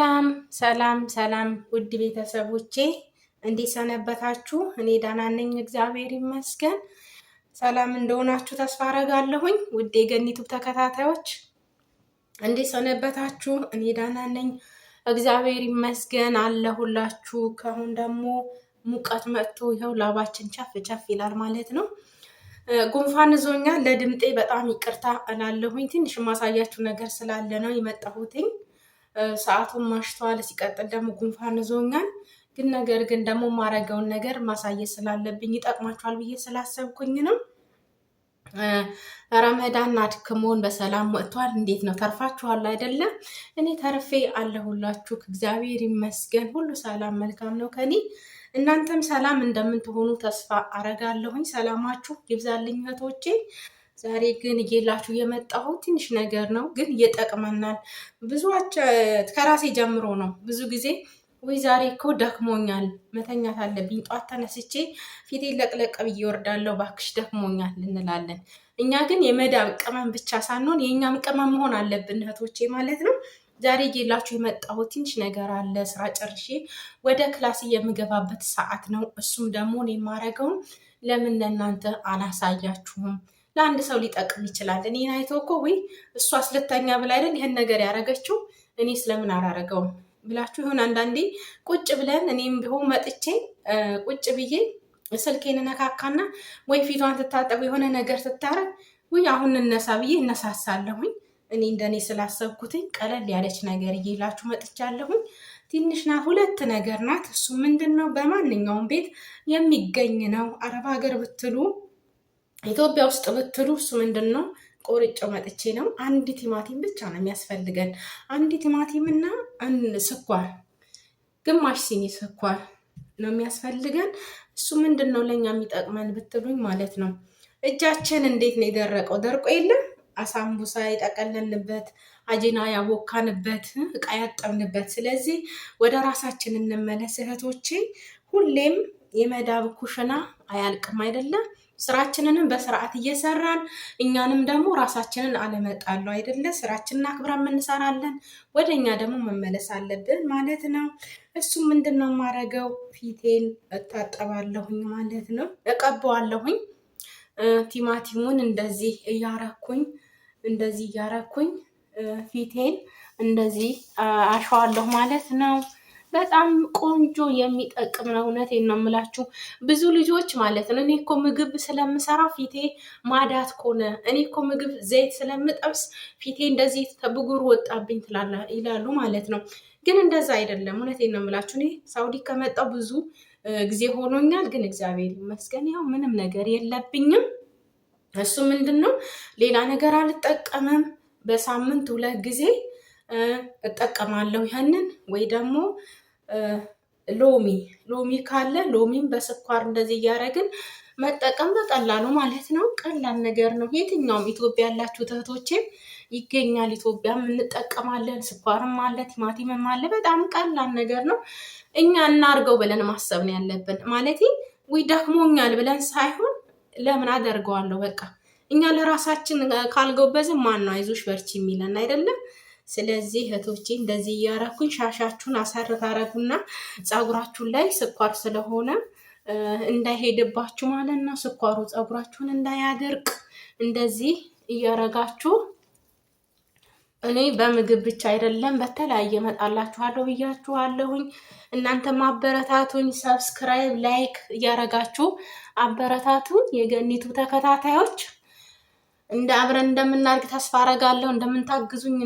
ሰላም ሰላም ሰላም ውድ ቤተሰቦቼ እንዴት ሰነበታችሁ? እኔ ደህና ነኝ፣ እግዚአብሔር ይመስገን። ሰላም እንደሆናችሁ ተስፋ አረጋለሁኝ። ውድ የገኒቱ ተከታታዮች እንዴት ሰነበታችሁ? እኔ ደህና ነኝ፣ እግዚአብሔር ይመስገን አለሁላችሁ። ከአሁን ደግሞ ሙቀት መጥቶ ይኸው ላባችን ቸፍ ቸፍ ይላል ማለት ነው። ጉንፋን ዞኛ ለድምጤ በጣም ይቅርታ እላለሁኝ። ትንሽ የማሳያችሁ ነገር ስላለ ነው የመጣሁትኝ ሰዓቱን ማሽተዋል። ሲቀጥል ደግሞ ጉንፋን ዞኛል። ግን ነገር ግን ደግሞ ማረገውን ነገር ማሳየት ስላለብኝ ይጠቅማቸዋል ብዬ ስላሰብኩኝ ነው። ረመዳን አድክሞን በሰላም ወጥቷል። እንዴት ነው ተርፋችኋል? አይደለም እኔ ተርፌ አለሁላችሁ። እግዚአብሔር ይመስገን። ሁሉ ሰላም መልካም ነው ከኔ። እናንተም ሰላም እንደምትሆኑ ተስፋ አረጋለሁኝ። ሰላማችሁ ይብዛልኝ እህቶቼ። ዛሬ ግን እየላችሁ የመጣሁ ትንሽ ነገር ነው፣ ግን እየጠቅመናል። ብዙዎች ከራሴ ጀምሮ ነው። ብዙ ጊዜ ወይ ዛሬ እኮ ደክሞኛል፣ መተኛት አለብኝ፣ ጧት ተነስቼ ፊቴ ለቅለቅ ብዬ እወርዳለሁ፣ ባክሽ ደክሞኛል እንላለን። እኛ ግን የመዳብ ቅመም ብቻ ሳንሆን የእኛም ቅመም መሆን አለብን እህቶቼ ማለት ነው። ዛሬ ጌላችሁ የመጣሁት ትንሽ ነገር አለ። ስራ ጨርሼ ወደ ክላስ የምገባበት ሰዓት ነው። እሱም ደግሞ እኔ የማደርገውን ለምን ለእናንተ አላሳያችሁም? ለአንድ ሰው ሊጠቅም ይችላል። እኔ አይተው እኮ ወይ እሷ አስለታኛ ብላ አይደል ይህን ነገር ያደረገችው እኔ ስለምን አላረገውም ብላችሁ ይሁን። አንዳንዴ ቁጭ ብለን እኔም ቢሆን መጥቼ ቁጭ ብዬ ስልኬን ነካካና ወይ ፊቷን ትታጠብ የሆነ ነገር ትታረግ ወይ አሁን እነሳ ብዬ እነሳሳለሁኝ። እኔ እንደኔ ስላሰብኩትኝ ቀለል ያለች ነገር እየላችሁ መጥቻለሁኝ። ትንሽ ናት፣ ሁለት ነገር ናት። እሱ ምንድን ነው በማንኛውም ቤት የሚገኝ ነው። አረብ ሀገር ብትሉ ኢትዮጵያ ውስጥ ብትሉ እሱ ምንድን ነው ቆርጬ መጥቼ ነው። አንድ ቲማቲም ብቻ ነው የሚያስፈልገን። አንድ ቲማቲም እና ስኳር፣ ግማሽ ሲኒ ስኳር ነው የሚያስፈልገን። እሱ ምንድን ነው ለእኛ የሚጠቅመን ብትሉኝ ማለት ነው። እጃችን እንዴት ነው የደረቀው? ደርቆ የለም አሳምቡሳ የጠቀለልንበት አጂና ያቦካንበት እቃ ያጠብንበት። ስለዚህ ወደ ራሳችን እንመለስ እህቶቼ። ሁሌም የመዳብ ኩሽና አያልቅም አይደለም። ስራችንንም በስርዓት እየሰራን እኛንም ደግሞ ራሳችንን አለመጣሉ አይደለ? ስራችንን አክብረን እንሰራለን። ወደ እኛ ደግሞ መመለስ አለብን ማለት ነው። እሱም ምንድን ነው የማደርገው? ፊቴን እታጠባለሁኝ ማለት ነው። እቀበዋለሁኝ። ቲማቲሙን እንደዚህ እያረኩኝ እንደዚህ እያረኩኝ ፊቴን እንደዚህ አሸዋለሁ ማለት ነው። በጣም ቆንጆ የሚጠቅም ነው። እውነቴን ነው የምላችሁ። ብዙ ልጆች ማለት ነው እኔ እኮ ምግብ ስለምሰራ ፊቴ ማዳት ኮነ፣ እኔ እኮ ምግብ ዘይት ስለምጠብስ ፊቴ እንደዚህ ብጉር ወጣብኝ ይላሉ ማለት ነው። ግን እንደዛ አይደለም። እውነቴን ነው የምላችሁ። እኔ ሳውዲ ከመጣሁ ብዙ ጊዜ ሆኖኛል። ግን እግዚአብሔር ይመስገን ያው ምንም ነገር የለብኝም። እሱ ምንድን ነው ሌላ ነገር አልጠቀምም። በሳምንት ሁለት ጊዜ እጠቀማለሁ ይህንን ወይ ደግሞ ሎሚ ሎሚ ካለ ሎሚን በስኳር እንደዚህ እያደረግን መጠቀም በቀላሉ ማለት ነው። ቀላል ነገር ነው። የትኛውም ኢትዮጵያ ያላችሁ እህቶቼም ይገኛል። ኢትዮጵያም እንጠቀማለን። ስኳርም አለ፣ ቲማቲምም አለ። በጣም ቀላል ነገር ነው። እኛ እናርገው ብለን ማሰብ ነው ያለብን። ማለት ዊ ደክሞኛል ብለን ሳይሆን ለምን አደርገዋለሁ በቃ እኛ ለራሳችን ካልገበዝን ማን ነው አይዞሽ በርቺ የሚለን አይደለም። ስለዚህ እህቶቼ እንደዚህ እያረኩኝ ሻሻችሁን አሰር አረጉና ፀጉራችሁን ላይ ስኳር ስለሆነ እንዳይሄድባችሁ ማለት ነው። ስኳሩ ፀጉራችሁን እንዳያደርቅ እንደዚህ እያረጋችሁ እኔ በምግብ ብቻ አይደለም በተለያየ መጣላችኋለሁ ብያችኋለሁኝ። እናንተም አበረታቱኝ፣ ሰብስክራይብ ላይክ እያረጋችሁ አበረታቱኝ የገኒቱ ተከታታዮች እንደ አብረን እንደምናድግ ተስፋ አረጋለሁ። እንደምንታግዙኝ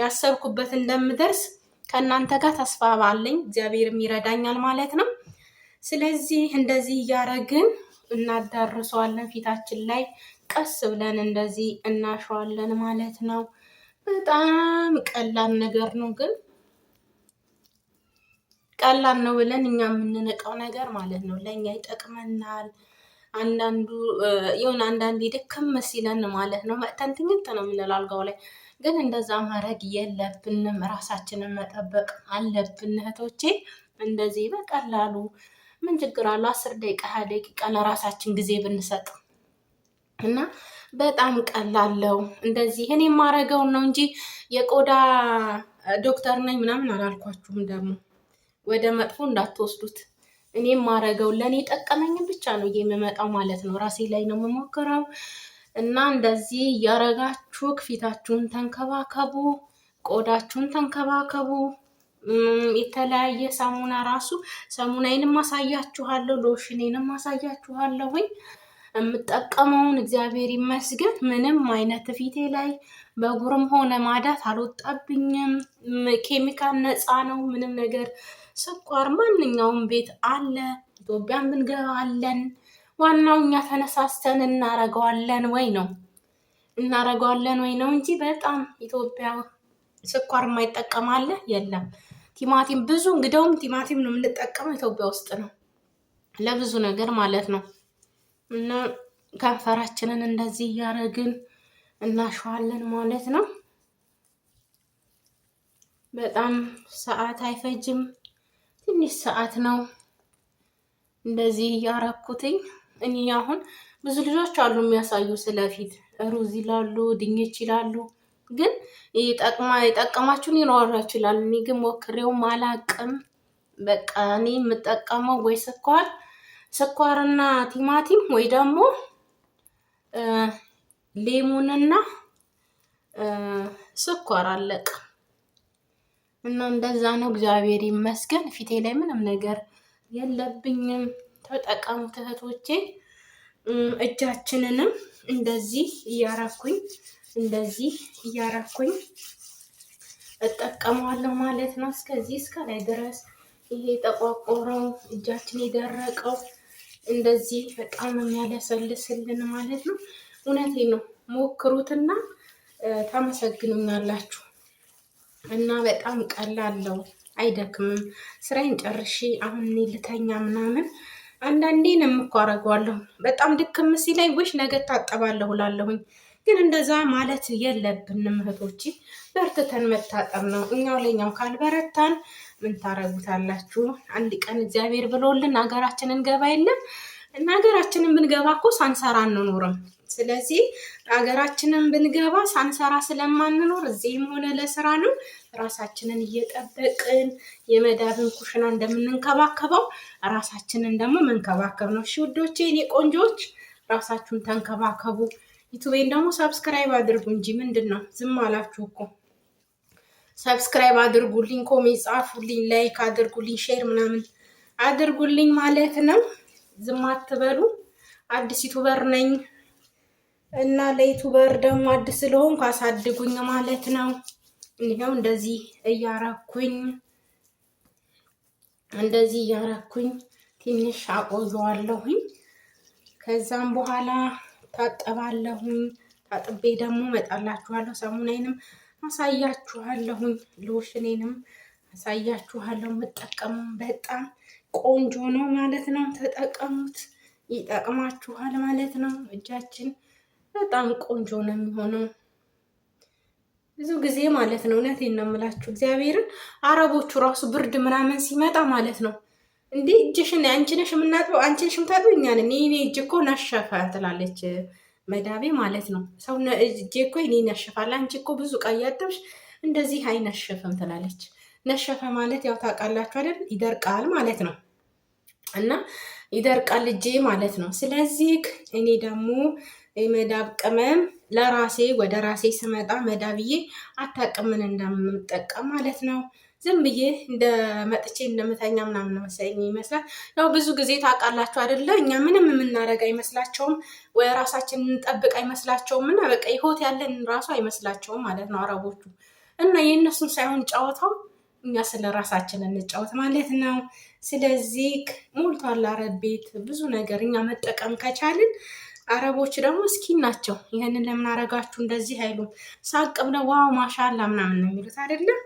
ያሰብኩበት እንደምደርስ ከእናንተ ጋር ተስፋ ባለኝ እግዚአብሔርም ይረዳኛል ማለት ነው። ስለዚህ እንደዚህ እያደረግን እናዳርሰዋለን። ፊታችን ላይ ቀስ ብለን እንደዚህ እናሸዋለን ማለት ነው። በጣም ቀላል ነገር ነው፣ ግን ቀላል ነው ብለን እኛ የምንነቀው ነገር ማለት ነው። ለእኛ ይጠቅመናል። አንዳንዱ የሆነ አንዳንድ ደከም ሲለን ማለት ነው መጥተን ትኝት ነው የምንለው አልጋው ላይ። ግን እንደዛ ማድረግ የለብንም፣ ራሳችንን መጠበቅ አለብን እህቶቼ። እንደዚህ በቀላሉ ምን ችግር አለ? አስር ደቂቃ ሀያ ደቂቃ ለራሳችን ጊዜ ብንሰጥ እና በጣም ቀላለው። እንደዚህ እኔ የማረገውን ነው እንጂ የቆዳ ዶክተር ነኝ ምናምን አላልኳችሁም። ደግሞ ወደ መጥፎ እንዳትወስዱት። እኔ የማረገው ለእኔ ጠቀመኝም ብቻ ነው የምመጣው ማለት ነው። ራሴ ላይ ነው የምሞክረው እና እንደዚህ እያረጋችሁ ፊታችሁን ተንከባከቡ፣ ቆዳችሁን ተንከባከቡ። የተለያየ ሳሙና ራሱ ሳሙናዬንም አሳያችኋለሁ፣ ሎሽኔንም አሳያችኋለሁኝ። የምጠቀመውን እግዚአብሔር ይመስገን ምንም አይነት ፊቴ ላይ በጉርም ሆነ ማዳት አልወጣብኝም። ኬሚካል ነፃ ነው ምንም ነገር ስኳር ማንኛውም ቤት አለ። ኢትዮጵያ ምንገባለን። ዋናው እኛ ተነሳስተን እናረገዋለን ወይ ነው እናረገዋለን ወይ ነው እንጂ በጣም ኢትዮጵያ ስኳር የማይጠቀም አለ የለም። ቲማቲም ብዙ እንግዲውም ቲማቲም ነው የምንጠቀመው ኢትዮጵያ ውስጥ ነው ለብዙ ነገር ማለት ነው። እና ከንፈራችንን እንደዚህ እያደረግን እናሸዋለን ማለት ነው። በጣም ሰዓት አይፈጅም። ትንሽ ሰዓት ነው እንደዚህ እያረኩትኝ። እኔ አሁን ብዙ ልጆች አሉ የሚያሳዩ ስለፊት ሩዝ ይላሉ፣ ድንች ይላሉ። ግን የጠቀማችሁን ይኖራችሁ ይችላል። እኔ ግን ሞክሬውም አላቅም። በቃ እኔ የምጠቀመው ወይ ስኳር ስኳርና ቲማቲም ወይ ደግሞ ሌሙንና ስኳር አለቅም። እና እንደዛ ነው። እግዚአብሔር ይመስገን ፊቴ ላይ ምንም ነገር የለብኝም። ተጠቀሙት እህቶቼ። እጃችንንም እንደዚህ እያረኩኝ እንደዚህ እያረኩኝ እጠቀመዋለሁ ማለት ነው። እስከዚህ እስከ ላይ ድረስ ይሄ ጠቋቆረው እጃችን የደረቀው እንደዚህ በጣም የሚያለሰልስልን ማለት ነው። እውነቴ ነው። ሞክሩትና ታመሰግኑኛላችሁ። እና በጣም ቀላል አይደክምም። ስራዬን ጨርሼ አሁን እኔ ልተኛ ምናምን አንዳንዴን የምኳረጓለሁ በጣም ድክም ሲለኝ ውሽ ነገ ታጠባለሁ እላለሁኝ። ግን እንደዛ ማለት የለብንም እህቶቼ፣ በርትተን መታጠብ ነው። እኛው ለኛው ካልበረታን ምን ታረጉታላችሁ? አንድ ቀን እግዚአብሔር ብሎልን ሀገራችንን ገባ የለም እና ሀገራችንን ብንገባ እኮ ሳንሰራ አንኖርም። ስለዚህ ሀገራችንን ብንገባ ሳንሰራ ስለማንኖር እዚህም ሆነ ለስራ ነው ራሳችንን እየጠበቅን የመዳብን ኩሽና እንደምንንከባከበው ራሳችንን ደግሞ መንከባከብ ነው። እሺ ውዶቼ፣ እኔ ቆንጆዎች ራሳችሁን ተንከባከቡ። ዩቱቤን ደግሞ ሰብስክራይብ አድርጉ እንጂ ምንድን ነው ዝም አላችሁ እኮ። ሰብስክራይብ አድርጉልኝ፣ ኮሜንት ጻፉልኝ፣ ላይክ አድርጉልኝ፣ ሼር ምናምን አድርጉልኝ ማለት ነው። ዝም አትበሉ። አዲስ ዩቱበር ነኝ። እና ለዩቱበር ደግሞ አዲስ ስለሆንኩ አሳድጉኝ ማለት ነው። ይኸው እንደዚህ እያረኩኝ እንደዚህ እያረኩኝ ትንሽ አቆየዋለሁኝ። ከዛም በኋላ ታጠባለሁኝ። ታጥቤ ደግሞ መጣላችኋለሁ። ሰሙናይንም አሳያችኋለሁኝ። ሎሽኔንም አሳያችኋለሁ። የምጠቀመው በጣም ቆንጆ ነው ማለት ነው። ተጠቀሙት፣ ይጠቅማችኋል ማለት ነው እጃችን በጣም ቆንጆ ነው የሚሆነው። ብዙ ጊዜ ማለት ነው እውነቴን ነው የምላችሁ እግዚአብሔርን አረቦቹ ራሱ ብርድ ምናምን ሲመጣ ማለት ነው እንዴ እጅሽን አንቺ ነሽ የምናጥበው አንቺ ነሽ የምታጥበው እኛ ነን የእኔ እጅ እኮ ነሸፈ ትላለች መዳቤ ማለት ነው ሰው እጄ እኮ የእኔ ነሸፋል አንቺ እኮ ብዙ ዕቃ እያጠብሽ እንደዚህ አይነሸፍም ትላለች ነሸፈ ማለት ያው ታውቃላችሁ አይደል ይደርቃል ማለት ነው እና ይደርቃል እጄ ማለት ነው ስለዚህ እኔ ደግሞ የመዳብ ቅመም ለራሴ ወደ ራሴ ስመጣ መዳብዬ አታቅምን እንደምንጠቀም ማለት ነው። ዝም ብዬ እንደ መጥቼ እንደምተኛ ምናምን መሰለኝ ይመስላል። ያው ብዙ ጊዜ ታውቃላችሁ አይደለ? እኛ ምንም የምናደርግ አይመስላቸውም፣ ወይ ራሳችን እንጠብቅ አይመስላቸውም። እና በቃ ይሆት ያለን ራሱ አይመስላቸውም ማለት ነው አረቦቹ። እና የእነሱን ሳይሆን ጨዋታው እኛ ስለ ራሳችን እንጫወት ማለት ነው። ስለዚህ ሞልቷል አረብ ቤት ብዙ ነገር እኛ መጠቀም ከቻልን አረቦች ደግሞ እስኪን ናቸው። ይህንን ለምን አረጋችሁ እንደዚህ አይሉም። ሳቅ ብለው ዋው ማሻላ ምናምን ነው የሚሉት አይደለም።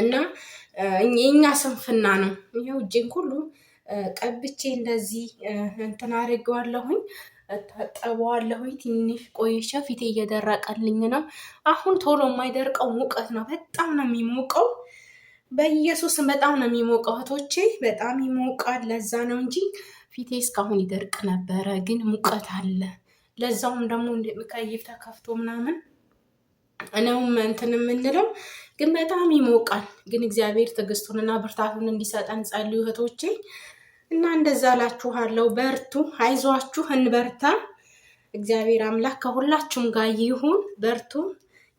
እና የእኛ ስንፍና ነው። ይኸው እጄን ሁሉ ቀብቼ እንደዚህ እንትን አድርጌዋለሁኝ፣ ታጠበዋለሁኝ። ትንሽ ቆይቼ ፊቴ እየደረቀልኝ ነው። አሁን ቶሎ የማይደርቀው ሙቀት ነው። በጣም ነው የሚሞቀው። በኢየሱስ በጣም ነው የሚሞቀው እህቶቼ፣ በጣም ይሞቃል። ለዛ ነው እንጂ ፊቴ እስካሁን ይደርቅ ነበረ፣ ግን ሙቀት አለ። ለዛውም ደግሞ ምቀይፍ ተከፍቶ ምናምን እነውም እንትን የምንለው ግን በጣም ይሞቃል። ግን እግዚአብሔር ትዕግስቱንና ብርታቱን እንዲሰጠን ጸልዩ እህቶቼ። እና እንደዛ ላችኋለው። በርቱ፣ አይዟችሁ፣ እንበርታ። እግዚአብሔር አምላክ ከሁላችሁም ጋር ይሁን። በርቱ።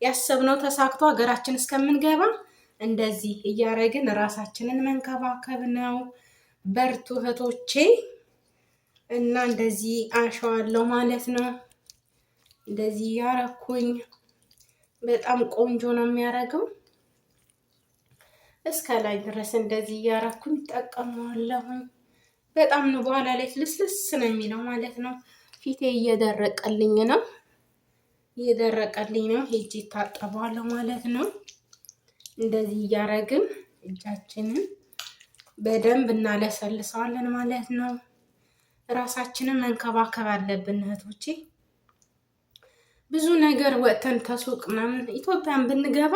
ያሰብነው ተሳክቶ ሀገራችን እስከምንገባ እንደዚህ እያረግን ራሳችንን መንከባከብ ነው። በርቱ እህቶቼ። እና እንደዚህ አሸዋለሁ ማለት ነው። እንደዚህ ያረኩኝ በጣም ቆንጆ ነው የሚያደርገው። እስከ ላይ ድረስ እንደዚህ እያረኩኝ ጠቀመዋለሁኝ። በጣም ነው በኋላ ላይ ልስልስ ነው የሚለው ማለት ነው። ፊቴ እየደረቀልኝ ነው እየደረቀልኝ ነው። ሄጄ ታጠበዋለሁ ማለት ነው። እንደዚህ እያረግን እጃችንን በደንብ እናለሰልሰዋለን ማለት ነው። ራሳችንን መንከባከብ አለብን እህቶቼ። ብዙ ነገር ወጥተን ከሱቅ ምናምን ኢትዮጵያን ብንገባ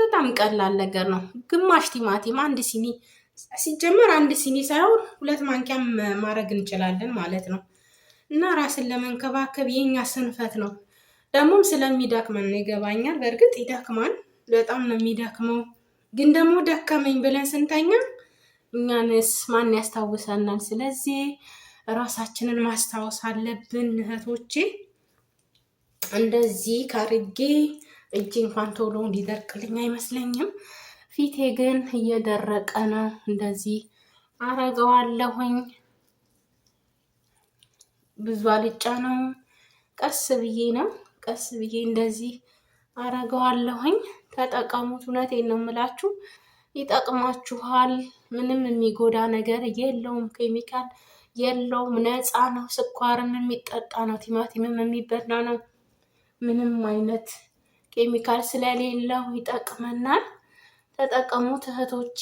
በጣም ቀላል ነገር ነው። ግማሽ ቲማቲም አንድ ሲኒ ሲጀመር አንድ ሲኒ ሳይሆን ሁለት ማንኪያም ማድረግ እንችላለን ማለት ነው። እና ራስን ለመንከባከብ የኛ ስንፈት ነው። ደግሞም ስለሚዳክመን ነው ይገባኛል። በእርግጥ ይደክማል? በጣም ነው የሚደክመው ግን ደግሞ ደከመኝ ብለን ስንተኛ እኛንስ ማን ያስታውሰናል? ስለዚህ ራሳችንን ማስታወስ አለብን እህቶቼ። እንደዚህ ካርጌ እጅ እንኳን ቶሎ እንዲደርቅልኝ አይመስለኝም። ፊቴ ግን እየደረቀ ነው። እንደዚህ አረገዋለሁኝ። ብዙ አልጫ ነው። ቀስ ብዬ ነው ቀስ ብዬ እንደዚህ አረገዋለሁኝ። ተጠቀሙት። እውነቴን ነው የምላችሁ፣ ይጠቅማችኋል። ምንም የሚጎዳ ነገር የለውም ኬሚካል የለውም። ነፃ ነው። ስኳርም የሚጠጣ ነው፣ ቲማቲምም የሚበላ ነው። ምንም አይነት ኬሚካል ስለሌለው ይጠቅመናል። ተጠቀሙት እህቶቼ።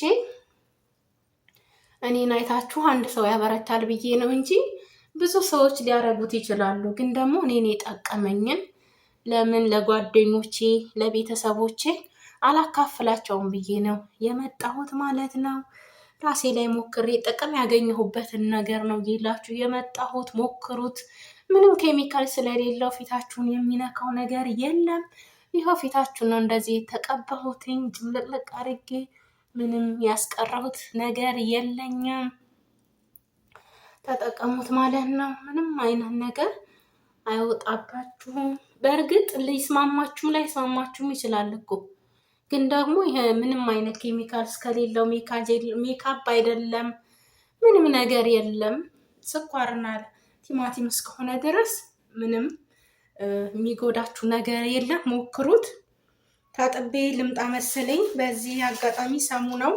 እኔን አይታችሁ አንድ ሰው ያበረታል ብዬ ነው እንጂ ብዙ ሰዎች ሊያረጉት ይችላሉ። ግን ደግሞ እኔን የጠቀመኝን ለምን ለጓደኞቼ ለቤተሰቦቼ አላካፍላቸውም ብዬ ነው የመጣሁት ማለት ነው። ራሴ ላይ ሞክሬ ጥቅም ያገኘሁበትን ነገር ነው ይላችሁ የመጣሁት። ሞክሩት። ምንም ኬሚካል ስለሌለው ፊታችሁን የሚነካው ነገር የለም። ይኸው ፊታችሁን ነው እንደዚህ ተቀበሁትኝ ጭምልቅልቅ አድርጌ ምንም ያስቀረሁት ነገር የለኝም። ተጠቀሙት ማለት ነው። ምንም አይነት ነገር አይወጣባችሁም። በእርግጥ ሊስማማችሁም ላይስማማችሁም ይችላል እኮ ግን ደግሞ ይሄ ምንም አይነት ኬሚካል እስከሌለው ሜካፕ አይደለም፣ ምንም ነገር የለም። ስኳርና ቲማቲም እስከሆነ ድረስ ምንም የሚጎዳችሁ ነገር የለም። ሞክሩት። ታጥቤ ልምጣ መሰለኝ። በዚህ አጋጣሚ ሳሙናው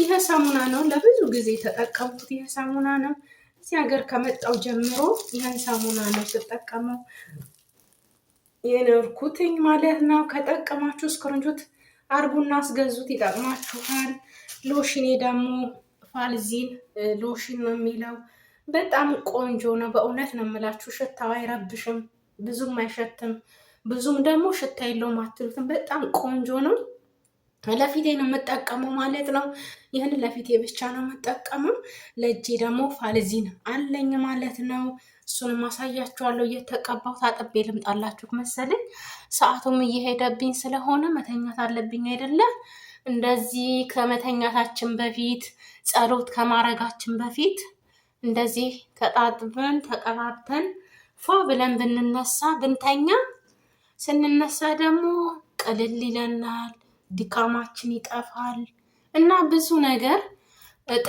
ይሄ ሳሙና ነው፣ ለብዙ ጊዜ የተጠቀምኩት ይሄ ሳሙና ነው። እዚህ ሀገር ከመጣው ጀምሮ ይህን ሳሙና ነው ስጠቀመው የኖርኩትኝ ማለት ነው። ከጠቀማችሁ እስክርንጆት አርጉና አስገዙት፣ ይጠቅማችኋል። ሎሽኔ ደግሞ ፋልዚን ሎሽን ነው የሚለው በጣም ቆንጆ ነው። በእውነት ነው የምላችሁ። ሽታው አይረብሽም፣ ብዙም አይሸትም፣ ብዙም ደግሞ ሽታ የለውም አትሉትም። በጣም ቆንጆ ነው። ለፊቴ ነው የምጠቀመው ማለት ነው። ይህን ለፊቴ ብቻ ነው የምጠቀመው። ለእጄ ደግሞ ፋልዚን አለኝ ማለት ነው። እሱንም ማሳያችኋለሁ። እየተቀባሁ ታጥቤ ልምጣላችሁ መሰለኝ። ሰዓቱም እየሄደብኝ ስለሆነ መተኛት አለብኝ አይደለ? እንደዚህ ከመተኛታችን በፊት ጸሎት ከማረጋችን በፊት እንደዚህ ተጣጥበን ተቀባብተን ፎ ብለን ብንነሳ ብንተኛ፣ ስንነሳ ደግሞ ቅልል ይለናል፣ ድካማችን ይጠፋል እና ብዙ ነገር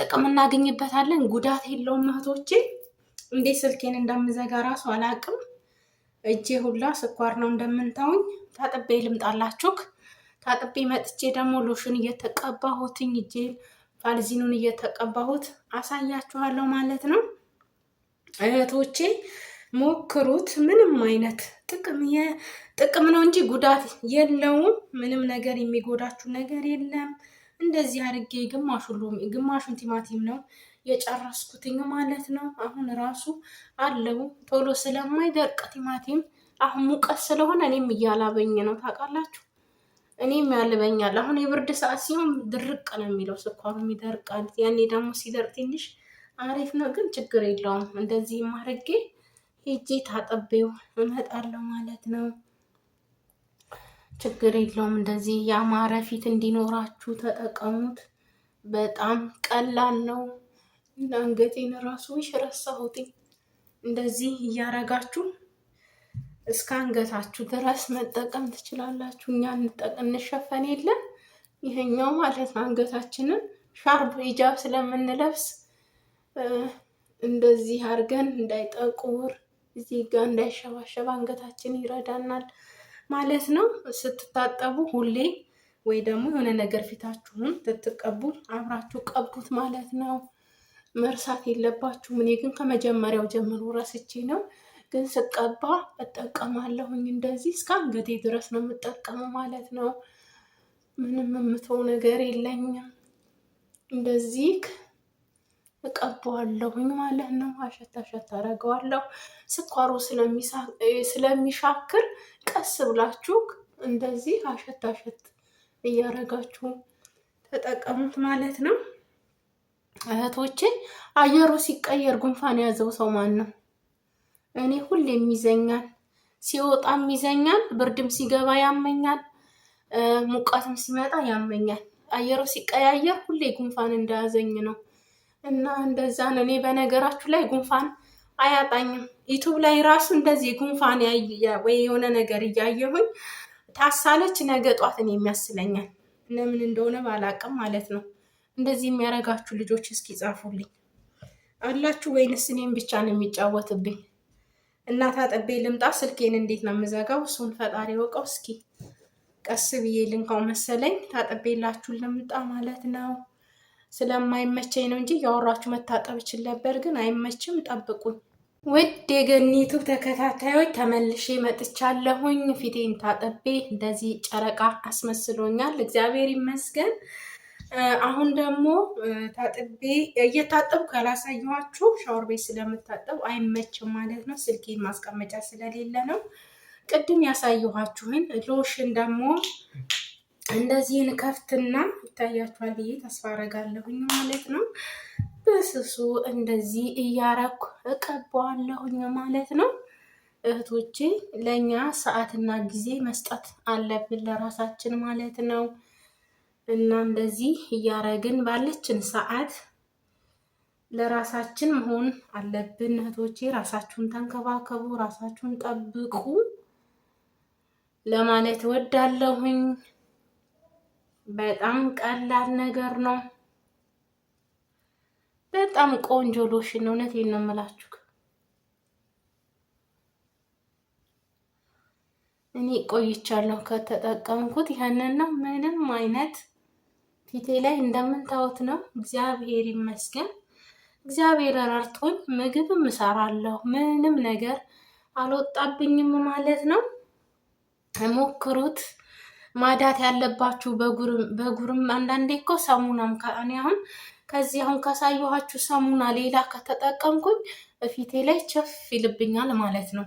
ጥቅም እናገኝበታለን። ጉዳት የለውም እህቶቼ። እንዴት ስልኬን እንደምዘጋ ራሱ አላቅም። እጄ ሁላ ስኳር ነው እንደምንታውኝ። ታጥቤ ልምጣላችሁ። ታጥቤ መጥቼ ደግሞ ሎሽን እየተቀባሁትኝ እጄን ፋልዚኑን እየተቀባሁት አሳያችኋለሁ ማለት ነው። እህቶቼ ሞክሩት። ምንም አይነት ጥቅም ጥቅም ነው እንጂ ጉዳት የለውም። ምንም ነገር የሚጎዳችሁ ነገር የለም። እንደዚህ አድርጌ ግማሹ ሎሚ ግማሹን ቲማቲም ነው የጨረስኩትኝ ማለት ነው። አሁን ራሱ አለው ቶሎ ስለማይደርቅ ቲማቲም አሁን ሙቀት ስለሆነ እኔም እያላበኝ ነው ታውቃላችሁ። እኔም ያልበኛል። አሁን የብርድ ሰዓት ሲሆን ድርቅ ነው የሚለው ስኳሩም ይደርቃል። ያኔ ደግሞ ሲደርቅ ትንሽ አሪፍ ነው፣ ግን ችግር የለውም። እንደዚህ አድርጌ ሄጄ ታጠቤው እመጣለሁ ማለት ነው። ችግር የለውም። እንደዚህ የአማረ ፊት እንዲኖራችሁ ተጠቀሙት። በጣም ቀላል ነው። እና አንገቴን ራሱ ይሽ እንደዚህ እያረጋችሁ እስከ አንገታችሁ ድረስ መጠቀም ትችላላችሁ። እኛ እንሸፈን የለን ይሄኛው ማለት ነው። አንገታችንን ሻርብ ሂጃብ ስለምንለብስ እንደዚህ አድርገን እንዳይጠቁር እዚህ ጋር እንዳይሸባሸብ አንገታችን ይረዳናል ማለት ነው። ስትታጠቡ ሁሌ ወይ ደግሞ የሆነ ነገር ፊታችሁን ትትቀቡ አብራችሁ ቀቡት ማለት ነው። መርሳት የለባችሁም። እኔ ግን ከመጀመሪያው ጀምሮ ረስቼ ነው፣ ግን ስቀባ እጠቀማለሁኝ። እንደዚህ እስከ አንገቴ ድረስ ነው የምጠቀመው ማለት ነው። ምንም የምትሆው ነገር የለኝም። እንደዚህ እቀባዋለሁኝ ማለት ነው። አሸት አሸት አደርገዋለሁ። ስኳሩ ስለሚሻክር ቀስ ብላችሁ እንደዚህ አሸት አሸት እያደረጋችሁ ተጠቀሙት ማለት ነው። እህቶቼ አየሩ ሲቀየር ጉንፋን የያዘው ሰው ማን ነው? እኔ ሁሌም ይዘኛል፣ ሲወጣም ይዘኛል፣ ብርድም ሲገባ ያመኛል፣ ሙቀትም ሲመጣ ያመኛል። አየሩ ሲቀያየር ሁሌ ጉንፋን እንደያዘኝ ነው እና እንደዛ ነው። እኔ በነገራችሁ ላይ ጉንፋን አያጣኝም። ዩቱብ ላይ ራሱ እንደዚህ ጉንፋን ወይ የሆነ ነገር እያየሁኝ ታሳለች ነገ ጧትን የሚያስለኛል። ለምን እንደሆነ ባላቅም ማለት ነው። እንደዚህ የሚያደርጋችሁ ልጆች እስኪ ጻፉልኝ አላችሁ ወይንስ እኔም ብቻ ነው የሚጫወትብኝ? እና አጠቤ ልምጣ። ስልኬን እንዴት ነው የምዘጋው? እሱን ፈጣሪ ወቀው። እስኪ ቀስ ብዬ ልንካው መሰለኝ። ታጠቤላችሁ ልምጣ ማለት ነው። ስለማይመቸኝ ነው እንጂ ያወራችሁ መታጠብ ችል ነበር፣ ግን አይመችም። ጠብቁኝ። ውድ የገኒቱ ተከታታዮች ተመልሼ መጥቻለሁኝ። ፊቴን ታጠቤ እንደዚህ ጨረቃ አስመስሎኛል። እግዚአብሔር ይመስገን። አሁን ደግሞ ታጥቤ እየታጠብኩ ያላሳየኋችሁ ሻወር ቤት ስለምታጠብ አይመችም ማለት ነው። ስልኬን ማስቀመጫ ስለሌለ ነው። ቅድም ያሳየኋችሁን ሎሽን ደግሞ እንደዚህን ከፍትና ይታያችኋል ብዬ ተስፋ አረጋለሁኝ ማለት ነው። በስሱ እንደዚህ እያረኩ እቀባዋለሁኝ ማለት ነው። እህቶቼ ለእኛ ሰዓትና ጊዜ መስጠት አለብን ለራሳችን ማለት ነው። እና እንደዚህ እያረግን ባለችን ሰዓት ለራሳችን መሆን አለብን። እህቶቼ ራሳችሁን ተንከባከቡ፣ ራሳችሁን ጠብቁ ለማለት ወዳለሁኝ። በጣም ቀላል ነገር ነው። በጣም ቆንጆ ሎሽን ነው። እውነቴን ነው የምላችሁ። እኔ ቆይቻለሁ ከተጠቀምኩት። ይህንን ነው ምንም አይነት ፊቴ ላይ እንደምንታዩት ነው። እግዚአብሔር ይመስገን። እግዚአብሔር ረድቶኝ ምግብም እሰራለሁ ምንም ነገር አልወጣብኝም ማለት ነው። ሞክሩት። ማዳት ያለባችሁ በጉርም አንዳንዴ እኮ ሰሙናም እኔ አሁን ከዚህ አሁን ካሳየኋችሁ ሰሙና ሌላ ከተጠቀምኩኝ ፊቴ ላይ ቸፍ ይልብኛል ማለት ነው።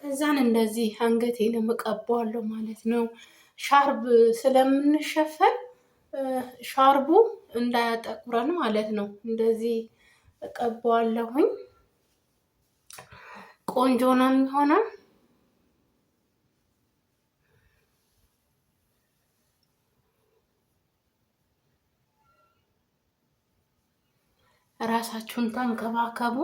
ከዛን እንደዚህ አንገቴንም እቀባዋለሁ ማለት ነው። ሻርብ ስለምንሸፈን ሻርቡ እንዳያጠቁረን ማለት ነው። እንደዚህ እቀባዋለሁኝ። ቆንጆ ነው የሚሆነው። ራሳችሁን ተንከባከቡ።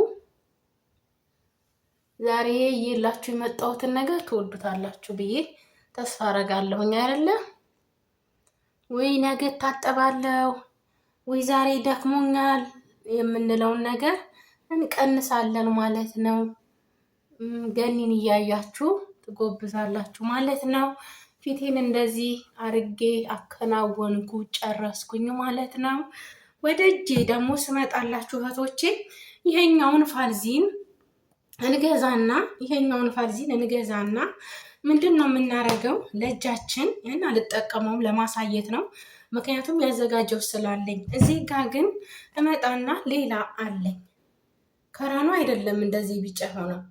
ዛሬ ይዤላችሁ የመጣሁትን ነገር ትወዱታላችሁ ብዬ ተስፋ አረጋለሁኝ አይደለም። ወይ ነገ እታጠባለሁ፣ ወይ ዛሬ ደክሞኛል የምንለውን ነገር እንቀንሳለን ማለት ነው። ገኒን እያያችሁ ትጎብዛላችሁ ማለት ነው። ፊቴን እንደዚህ አርጌ አከናወንኩ ጨረስኩኝ ማለት ነው። ወደ እጄ ደግሞ ስመጣላችሁ እህቶቼ ይሄኛውን ፋልዚን እንገዛና ይሄኛውን ፋልዚን እንገዛና ምንድን ነው የምናደርገው? ለእጃችን ይህን አልጠቀመውም ለማሳየት ነው፣ ምክንያቱም ያዘጋጀው ስላለኝ። እዚህ ጋር ግን እመጣና ሌላ አለኝ። ከራኑ አይደለም እንደዚህ ቢጫ ሆነው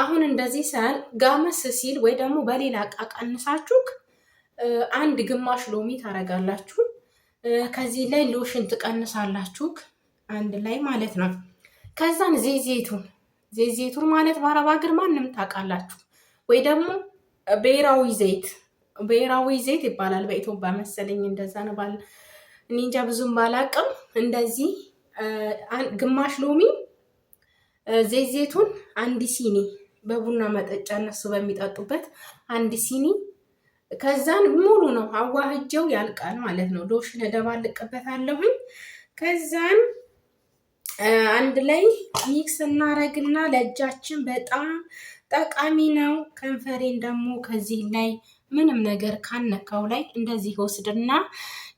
አሁን እንደዚህ ሳል ጋመስ ሲል ወይ ደግሞ በሌላ እቃ ቀንሳችሁ አንድ ግማሽ ሎሚ ታረጋላችሁ። ከዚህ ላይ ሎሽን ትቀንሳላችሁ አንድ ላይ ማለት ነው። ከዛን ዜዜቱን ዜዜቱን ማለት በአረብ ሀገር ማንም ታውቃላችሁ ወይ ደግሞ ብሔራዊ ዘይት ብሔራዊ ዘይት ይባላል በኢትዮጵያ መሰለኝ እንደዛ ነው ባል እኔ እንጃ ብዙም ባላቅም እንደዚህ ግማሽ ሎሚ ዘይት ዘይቱን አንድ ሲኒ በቡና መጠጫ እነሱ በሚጠጡበት አንድ ሲኒ ከዛን ሙሉ ነው አዋህጀው ያልቃል ማለት ነው። ሎሽን አለሁኝ። ከዛን አንድ ላይ ሚክስ እናረግና ለእጃችን በጣም ጠቃሚ ነው። ከንፈሬን ደግሞ ከዚህ ላይ ምንም ነገር ካነካው ላይ እንደዚህ ወስድና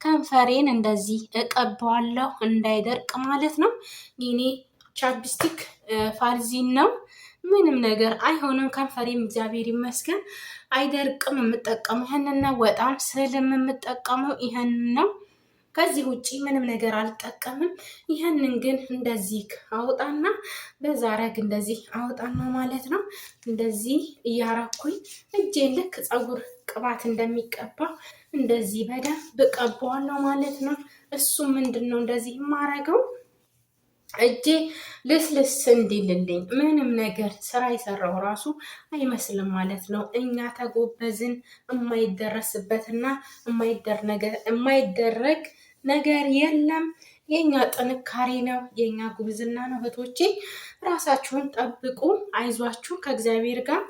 ከንፈሬን እንደዚህ እቀባዋለሁ እንዳይደርቅ ማለት ነው። ይኔ ቻፕስቲክ ፋርዚን ነው። ምንም ነገር አይሆንም። ከንፈሬም እግዚአብሔር ይመስገን አይደርቅም። የምጠቀመው ይህንን ነው። በጣም ስልም የምጠቀመው ይህንን ነው። ከዚህ ውጪ ምንም ነገር አልጠቀምም። ይህንን ግን እንደዚህ አውጣና በዛ ረግ እንደዚህ አውጣና ማለት ነው። እንደዚህ እያረኩኝ እጄ ልክ ፀጉር ቅባት እንደሚቀባ እንደዚህ በደንብ ቀባዋለው ማለት ነው። እሱም ምንድን ነው እንደዚህ የማረገው እጄ ልስልስ እንዲልልኝ ምንም ነገር ስራ የሰራው ራሱ አይመስልም ማለት ነው። እኛ ተጎበዝን። የማይደረስበትና የማይደረግ ነገር የለም። የኛ ጥንካሬ ነው፣ የኛ ጉብዝና ነው። እህቶቼ ራሳችሁን ጠብቁ፣ አይዟችሁ ከእግዚአብሔር ጋር።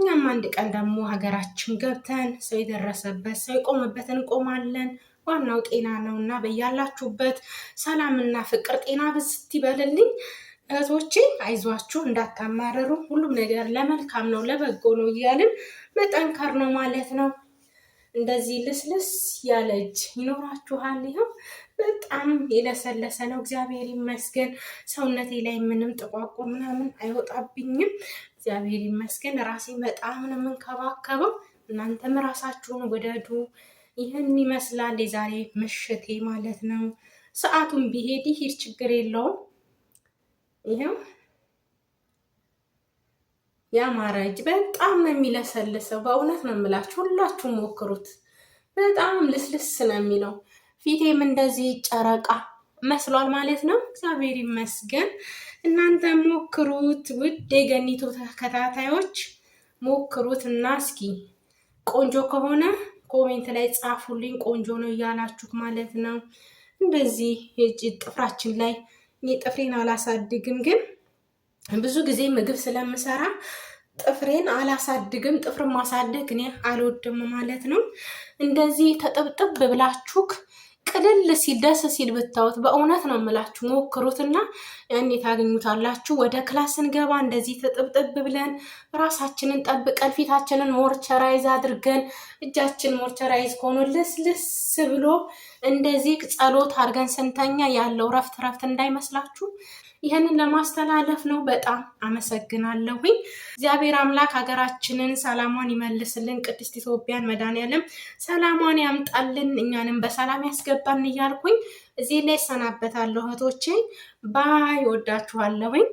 እኛም አንድ ቀን ደግሞ ሀገራችን ገብተን ሰው የደረሰበት ሰው የቆመበትን እንቆማለን። ዋናው ጤና ነው እና በያላችሁበት ሰላምና ፍቅር ጤና ብዝት ይበልልኝ። እህቶቼ አይዟችሁ፣ እንዳታማረሩ። ሁሉም ነገር ለመልካም ነው ለበጎ ነው እያልን መጠንከር ነው ማለት ነው። እንደዚህ ልስልስ ያለ እጅ ይኖራችኋል። ይኸው በጣም የለሰለሰ ነው፣ እግዚአብሔር ይመስገን። ሰውነቴ ላይ ምንም ጥቋቁር ምናምን አይወጣብኝም፣ እግዚአብሔር ይመስገን። ራሴ በጣም ነው የምንከባከበው። እናንተም ራሳችሁን ወደዱ። ይህን ይመስላል የዛሬ ምሽቴ ማለት ነው። ሰዓቱን ቢሄድ ይሄድ ችግር የለውም። ይኸው ያማረ እጅ በጣም ነው የሚለሰልሰው። በእውነት ነው የምላችሁ፣ ሁላችሁ ሞክሩት። በጣም ልስልስ ነው የሚለው። ፊቴም እንደዚህ ጨረቃ መስሏል ማለት ነው። እግዚአብሔር ይመስገን። እናንተ ሞክሩት፣ ውድ የገኒቱ ተከታታዮች ሞክሩት እና እስኪ ቆንጆ ከሆነ ኮሜንት ላይ ጻፉልኝ። ቆንጆ ነው እያላችሁ ማለት ነው። እንደዚህ ጥፍራችን ላይ እኔ ጥፍሬን አላሳድግም፣ ግን ብዙ ጊዜ ምግብ ስለምሰራ ጥፍሬን አላሳድግም። ጥፍር ማሳደግ እኔ አልወድም ማለት ነው። እንደዚህ ተጠብጥብ ብላችሁ ቅልል ሲል ደስ ሲል ብታዩት በእውነት ነው የምላችሁ። ሞክሩትና እኔ ታገኙታላችሁ። ወደ ክላስ ስንገባ እንደዚህ ተጥብጥብ ብለን ራሳችንን ጠብቀን ፊታችንን ሞርቸራይዝ አድርገን እጃችን ሞርቸራይዝ ከሆኑ ልስልስ ብሎ እንደዚህ ጸሎት አድርገን ስንተኛ ያለው ረፍት ረፍት እንዳይመስላችሁ ይህንን ለማስተላለፍ ነው። በጣም አመሰግናለሁኝ። እግዚአብሔር አምላክ ሀገራችንን ሰላሟን ይመልስልን። ቅድስት ኢትዮጵያን መድኃኔዓለም ሰላሟን ያምጣልን፣ እኛንም በሰላም ያስገባን እያልኩኝ እዚህ ላይ እሰናበታለሁ። እህቶቼ ባይ፣ ወዳችኋለሁኝ።